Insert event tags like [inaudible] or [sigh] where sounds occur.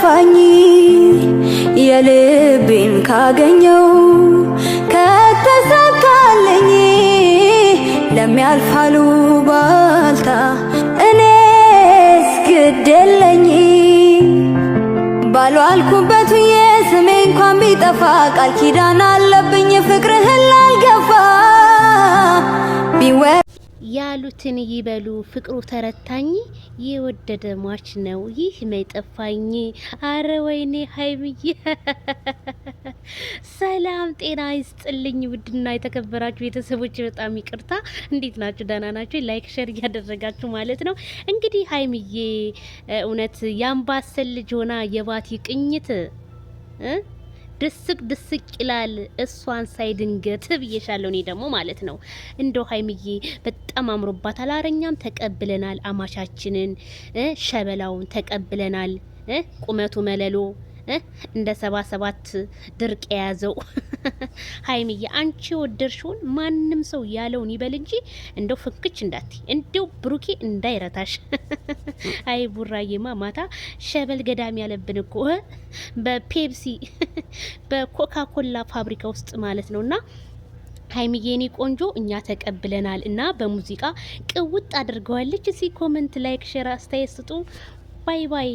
ከከፋኝ የልቤን ካገኘው ከተሳካልኝ ለሚያልፋሉ ባልታ እኔስ ግደለኝ የለኝ ባልዋልኩበት የስሜ እንኳን ቢጠፋ ቃል ኪዳን አለብኝ ፍቅርህን ላልገፋ ቢወ ያሉትን ይበሉ ፍቅሩ ተረታኝ የወደደ ሟች ነው ይህ መጠፋኝ። አረ ወይኔ ሀይምዬ [laughs] ሰላም ጤና ይስጥልኝ። ውድና የተከበራችሁ ቤተሰቦች በጣም ይቅርታ፣ እንዴት ናችሁ? ደህና ናችሁ? ላይክ ሸር እያደረጋችሁ ማለት ነው። እንግዲህ ሀይምዬ እውነት የአምባሰል ልጅ ሆና የባቲ ቅኝት ድስቅ ድስቅ ይላል። እሷን ሳይ ድንገት ብዬሻለሁ። እኔ ደግሞ ማለት ነው እንደው ሀይምዬ በጣም አምሮባት አረኛም ተቀብለናል። አማሻችንን ሸበላውን ተቀብለናል። ቁመቱ መለሎ እንደ ሰባ ሰባት ድርቅ የያዘው ሀይሚዬ አንቺ ወደርሽውን ማንም ሰው ያለውን ይበል እንጂ እንደው ፍንክች እንዳት እንደው ብሩኬ እንዳይረታሽ። [laughs] አይ ቡራዬማ ማታ ሸበል ገዳም ያለብን እኮ በፔፕሲ በኮካ ኮላ ፋብሪካ ውስጥ ማለት ነውና ኔ ቆንጆ እኛ ተቀብለናል እና በሙዚቃ ቅውጥ አድርገዋለች። እዚህ ኮመንት፣ ላይክ፣ ሼር አስተያየት ስጡ። ባይ ባይ